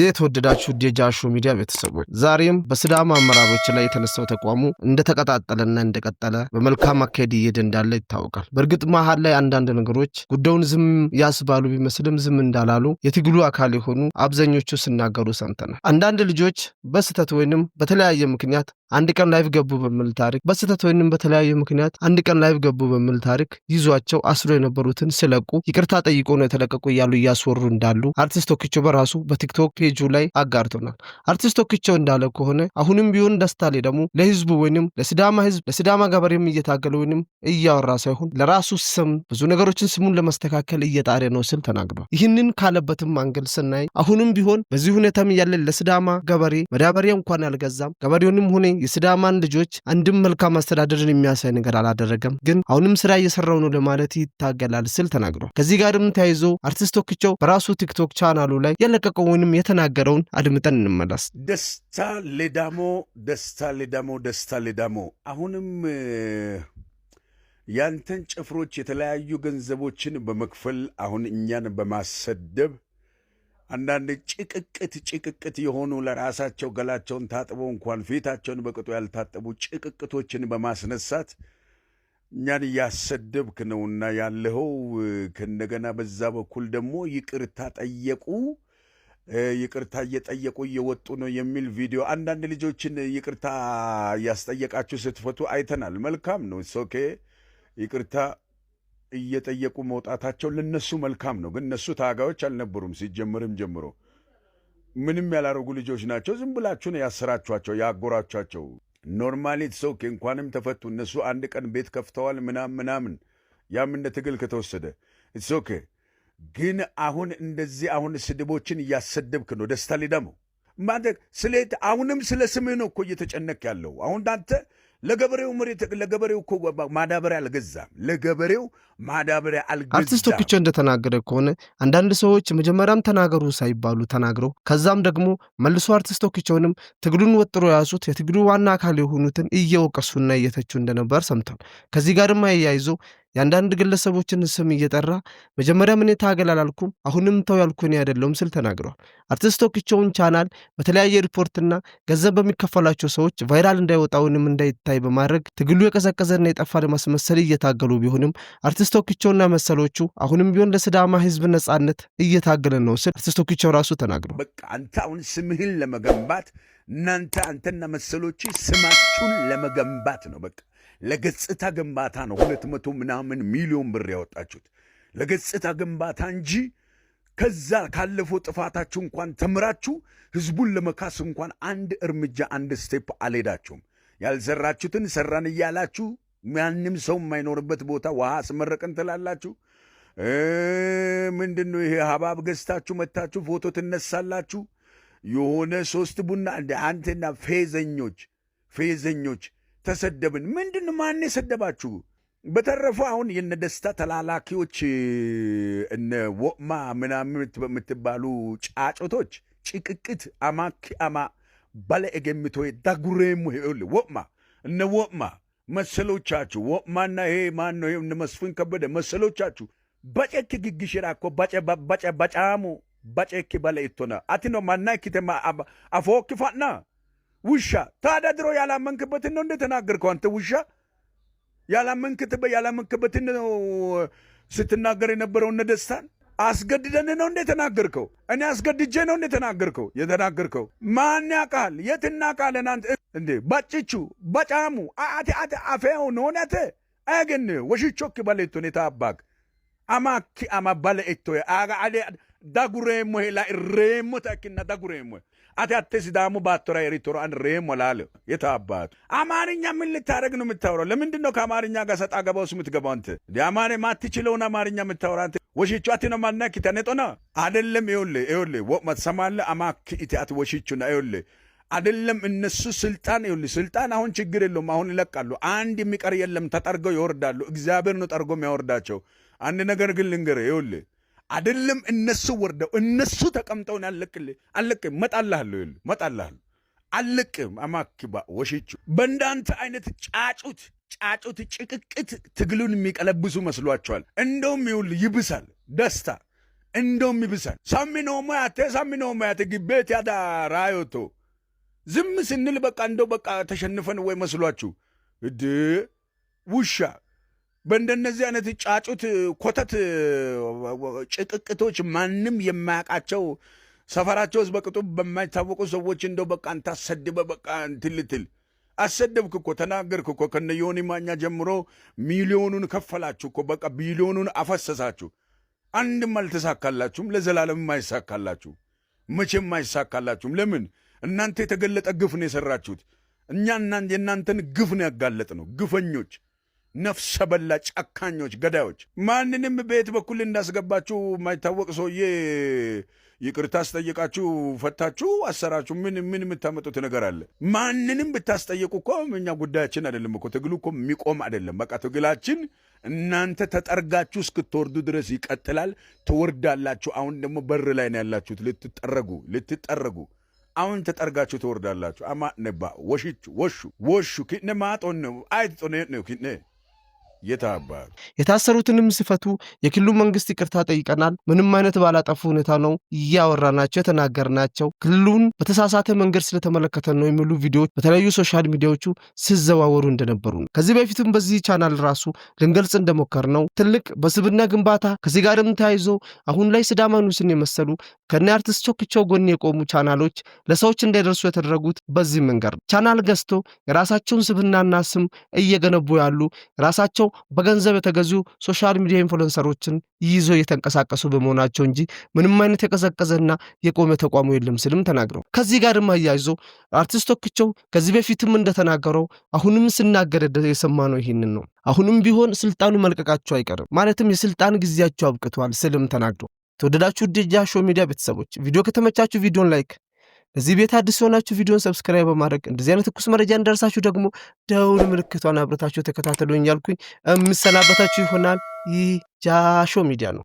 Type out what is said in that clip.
የተወደዳችሁ ዴጃሾ ሚዲያ ቤተሰቦች ዛሬም በሲዳማ አመራሮች ላይ የተነሳው ተቋሙ እንደተቀጣጠለና እንደቀጠለ በመልካም አካሄድ እየሄደ እንዳለ ይታወቃል። በእርግጥ መሀል ላይ አንዳንድ ነገሮች ጉዳዩን ዝም ያስባሉ ቢመስልም ዝም እንዳላሉ የትግሉ አካል የሆኑ አብዛኞቹ ሲናገሩ ሰምተናል። አንዳንድ ልጆች በስህተት ወይንም በተለያየ ምክንያት አንድ ቀን ላይቭ ገቡ በሚል ታሪክ በስህተት ወይንም በተለያዩ ምክንያት አንድ ቀን ላይቭ ገቡ በሚል ታሪክ ይዟቸው አስሮ የነበሩትን ስለቁ ይቅርታ ጠይቆ ነው የተለቀቁ እያሉ እያስወሩ እንዳሉ አርቲስት ቶክቾ በራሱ በቲክቶክ ፔጁ ላይ አጋርቶናል። አርቲስት ቶክቾ እንዳለ ከሆነ አሁንም ቢሆን ደስታ ላይ ደግሞ ለህዝቡ ወይንም ለስዳማ ህዝብ ለስዳማ ገበሬም እየታገለ ወይንም እያወራ ሳይሆን ለራሱ ስም ብዙ ነገሮችን ስሙን ለመስተካከል እየጣረ ነው ስል ተናግሯል። ይህንን ካለበትም አንግል ስናይ አሁንም ቢሆን በዚህ ሁኔታም እያለን ለስዳማ ገበሬ መዳበሪያ እንኳን አልገዛም ገበሬውንም ሆነ የስዳማን ልጆች አንድም መልካም አስተዳደርን የሚያሳይ ነገር አላደረገም። ግን አሁንም ስራ እየሰራው ነው ለማለት ይታገላል ስል ተናግሯል። ከዚህ ጋርም ተያይዞ አርቲስት ቶክቸው በራሱ ቲክቶክ ቻናሉ ላይ የለቀቀው ወይንም የተናገረውን አድምጠን እንመላስ። ደስታ ሌዳሞ ደስታ ሌዳሞ ደስታ ሌዳሞ አሁንም ያንተን ጭፍሮች የተለያዩ ገንዘቦችን በመክፈል አሁን እኛን በማሰደብ አንዳንድ ጭቅቅት ጭቅቅት የሆኑ ለራሳቸው ገላቸውን ታጥበው እንኳን ፊታቸውን በቅጡ ያልታጠቡ ጭቅቅቶችን በማስነሳት እኛን እያሰደብክ ነውና ያለኸው። ከእንደገና በዛ በኩል ደግሞ ይቅርታ ጠየቁ ይቅርታ እየጠየቁ እየወጡ ነው የሚል ቪዲዮ። አንዳንድ ልጆችን ይቅርታ እያስጠየቃችሁ ስትፈቱ አይተናል። መልካም ነው። ሶኬ ይቅርታ እየጠየቁ መውጣታቸው ለነሱ መልካም ነው። ግን እነሱ ታጋዮች አልነበሩም ሲጀምርም ጀምሮ ምንም ያላረጉ ልጆች ናቸው። ዝም ብላችሁን ያሰራችኋቸው ያጎራችኋቸው። ኖርማሊ እንኳንም ተፈቱ። እነሱ አንድ ቀን ቤት ከፍተዋል ምናም ምናምን፣ ያም እንደ ትግል ከተወሰደ ኦኬ። ግን አሁን እንደዚህ አሁን ስድቦችን እያሰደብክ ነው ደስታ ሊደሙ ማለት ስለ አሁንም ስለ ስምህ ነው እኮ እየተጨነክ ያለው አሁን አንተ ለገበሬው መሬት ለገበሬው እኮ ማዳበሪያ አልገዛም። ለገበሬው ማዳበሪያ አልገዛም። አርቲስት ቶክቻ እንደተናገረ ከሆነ አንዳንድ ሰዎች መጀመሪያም ተናገሩ ሳይባሉ ተናግረው ከዛም ደግሞ መልሶ አርቲስት ቶክቻውንም ትግሉን ወጥሮ የያዙት የትግሉ ዋና አካል የሆኑትን እየወቀሱና እየተቹ እንደነበር ሰምቷል። ከዚህ ጋርም አያይዞ የአንዳንድ ግለሰቦችን ስም እየጠራ መጀመሪያ እኔ ታገል አላልኩም አሁንም ተው ያልኩ እኔ አይደለሁም ስል ተናግረዋል። አርቲስት ቻናል በተለያየ ሪፖርትና ገንዘብ በሚከፈላቸው ሰዎች ቫይራል እንዳይወጣ እንዳይታይ በማድረግ ትግሉ የቀዘቀዘና የጠፋ ለማስመሰል እየታገሉ ቢሆንም አርቲስት መሰሎቹ አሁንም ቢሆን ለስዳማ ህዝብ ነጻነት እየታገለ ነው ስል አርቲስት ራሱ ተናግረዋል። በቃ አንተ አሁን ስምህን ለመገንባት እናንተ አንተና መሰሎች ስማችሁን ለመገንባት ነው በቃ ለገጽታ ግንባታ ነው ሁለት መቶ ምናምን ሚሊዮን ብር ያወጣችሁት ለገጽታ ግንባታ እንጂ ከዛ ካለፈው ጥፋታችሁ እንኳን ተምራችሁ ህዝቡን ለመካስ እንኳን አንድ እርምጃ አንድ ስቴፕ አልሄዳችሁም። ያልሰራችሁትን ሰራን እያላችሁ ማንም ሰው የማይኖርበት ቦታ ውሃ አስመረቅን ትላላችሁ። ምንድን ነው ይሄ? ሀባብ ገዝታችሁ መታችሁ ፎቶ ትነሳላችሁ። የሆነ ሶስት ቡና አንተና ፌዘኞች ፌዘኞች ተሰደብን። ምንድን ማን የሰደባችሁ? በተረፈ አሁን የነ ደስታ ተላላኪዎች እነ ወቅማ ምናምን የምትባሉ ጫጮቶች ጭቅቅት አማኪ አማ ባለ ኤገምቶ ዳጉሬሙ ወቅማ እነ ወቅማ መሰሎቻችሁ ወቅማና ይሄ ማን ነው? እነ መስፍን ከበደ መሰሎቻችሁ በጨክ ግግሽ ራኮ በጨባጫሙ በጨክ ባለ ይቶና አቲ ነው ማና ኪተማ አፎክ ፋና ውሻ ታዲያ ድሮ ያላመንክበትን ነው እንደተናገርከው። አንተ ውሻ ያላመንክበትን ነው ስትናገር የነበረው። እነ ደስታን አስገድደን ነው እንደተናገርከው። እኔ አስገድጄ ነው እንደተናገርከው የተናገርከው። ማን ያውቃል? የትና ቃል አንተ እንዴ ባጭቹ በጫሙ አቴ አቴ አፌው ነውነት አገን ወሽቾክ በሌቶ ኔታ አባክ አማኪ አማ እቶ አጋ አለ ዳጉሬሞ ሄላ ሬሞ ታኪና ዳጉሬሞ አቴ አቴ ሲዳሙ ባቶራ የሪቶሮ አንሬም ወላል የታባቱ አማርኛ ምን ልታደረግ ነው የምታወራው? ለምንድን ነው ከአማርኛ ጋር ሰጣ ገባ ውስጥ የምትገባው? አንተ አማኔ ማትችለውን አማርኛ የምታወራ አንተ አቴ ነው ማና ኪታ ኪታኔጦና አደለም። ይውል ይውል ሰማለ አማክ ኢትአት ወሽቹና ይውል አደለም እነሱ ስልጣን ይሁል ስልጣን አሁን ችግር የለውም። አሁን ይለቃሉ። አንድ የሚቀር የለም። ተጠርገው ይወርዳሉ። እግዚአብሔር ነው ጠርጎ የሚያወርዳቸው። አንድ ነገር ግን ልንገር ይውል አይደለም እነሱ ወርደው እነሱ ተቀምጠውን አለቅል አለቅ መጣልሃለሁ ይሉ መጣልሃለሁ አለቅም አማክባ ወሽቹ በእንዳንተ አይነት ጫጩት ጫጩት ጭቅቅት ትግሉን የሚቀለብሱ መስሏቸዋል። እንደውም ይውል ይብሳል ደስታ እንደውም ይብሳል። ሳሚኖማ ያቴ ሳሚኖማ ያቴ ግቤት ያዳ ራዮቶ ዝም ስንል በቃ እንደው በቃ ተሸንፈን ወይ መስሏችሁ እድ ውሻ በእንደነዚህ አይነት ጫጩት ኮተት ጭቅቅቶች ማንም የማያውቃቸው ሰፈራቸው ውስጥ በቅጡ በማይታወቁ ሰዎች እንደው በቃ እንታሰድበ በቃ እንትን አሰደብክ እኮ ተናገርክ እኮ ከነ ዮኒ ማኛ ጀምሮ ሚሊዮኑን ከፈላችሁ እኮ በቃ ቢሊዮኑን አፈሰሳችሁ። አንድም አልተሳካላችሁም፣ ለዘላለም አይሳካላችሁ፣ መቼም አይሳካላችሁም። ለምን እናንተ የተገለጠ ግፍ ነው የሰራችሁት። እኛ የእናንተን ግፍ ነው ያጋለጥ ነው ግፈኞች ነፍሰ በላ ጨካኞች፣ ገዳዮች። ማንንም በየት በኩል እንዳስገባችሁ የማይታወቅ ሰውዬ ይቅርታ አስጠየቃችሁ፣ ፈታችሁ፣ አሰራችሁ። ምን ምን የምታመጡት ነገር አለ? ማንንም ብታስጠየቁ እኮ እኛ ጉዳያችን አይደለም እኮ ትግሉ እኮ የሚቆም አይደለም። በቃ ትግላችን እናንተ ተጠርጋችሁ እስክትወርዱ ድረስ ይቀጥላል። ትወርዳላችሁ። አሁን ደግሞ በር ላይ ነው ያላችሁት። ልትጠረጉ ልትጠረጉ አሁን ተጠርጋችሁ ትወርዳላችሁ። አማ ነባ ወሽች ወሹ ወሹ ኪነ ማጦን ነው ኪነ የታባት የታሰሩትንም ስፈቱ የክልሉ መንግስት ይቅርታ ጠይቀናል። ምንም አይነት ባላጠፉ ሁኔታ ነው እያወራናቸው የተናገርናቸው። ክልሉን በተሳሳተ መንገድ ስለተመለከተ ነው የሚሉ ቪዲዮዎች በተለያዩ ሶሻል ሚዲያዎቹ ሲዘዋወሩ እንደነበሩ ነው። ከዚህ በፊትም በዚህ ቻናል ራሱ ልንገልጽ እንደሞከር ነው ትልቅ በስብና ግንባታ ከዚህ ጋርም ተያይዞ አሁን ላይ ሲዳማ ኒውስን የመሰሉ ከነ አርቲስት ቾክቾ ጎን የቆሙ ቻናሎች ለሰዎች እንዳይደርሱ የተደረጉት በዚህ መንገድ ነው። ቻናል ገዝቶ የራሳቸውን ስብናና ስም እየገነቡ ያሉ የራሳቸው በገንዘብ የተገዙ ሶሻል ሚዲያ ኢንፍሉንሰሮችን ይዞ እየተንቀሳቀሱ በመሆናቸው እንጂ ምንም አይነት የቀዘቀዘና የቆመ ተቋሙ የለም ስልም ተናግረው ከዚህ ጋርም አያይዞ አርቲስት ቶክቸው ከዚህ በፊትም እንደተናገረው አሁንም የሰማ የሰማነው ይህንን ነው። አሁንም ቢሆን ስልጣኑ መልቀቃቸው አይቀርም ማለትም የስልጣን ጊዜያቸው አብቅተዋል ስልም ተናግረው ተወደዳችሁ ድጃሾ ሚዲያ ቤተሰቦች ቪዲዮ ከተመቻችሁ ቪዲዮን ላይክ እዚህ ቤት አዲስ የሆናችሁ ቪዲዮን ሰብስክራይብ በማድረግ እንደዚህ አይነት ትኩስ መረጃ እንደርሳችሁ ደግሞ ደውል ምልክቷን አብረታችሁ ተከታተሉኝ እያልኩኝ የምሰናበታችሁ ይሆናል። ይህ ጃሾ ሚዲያ ነው።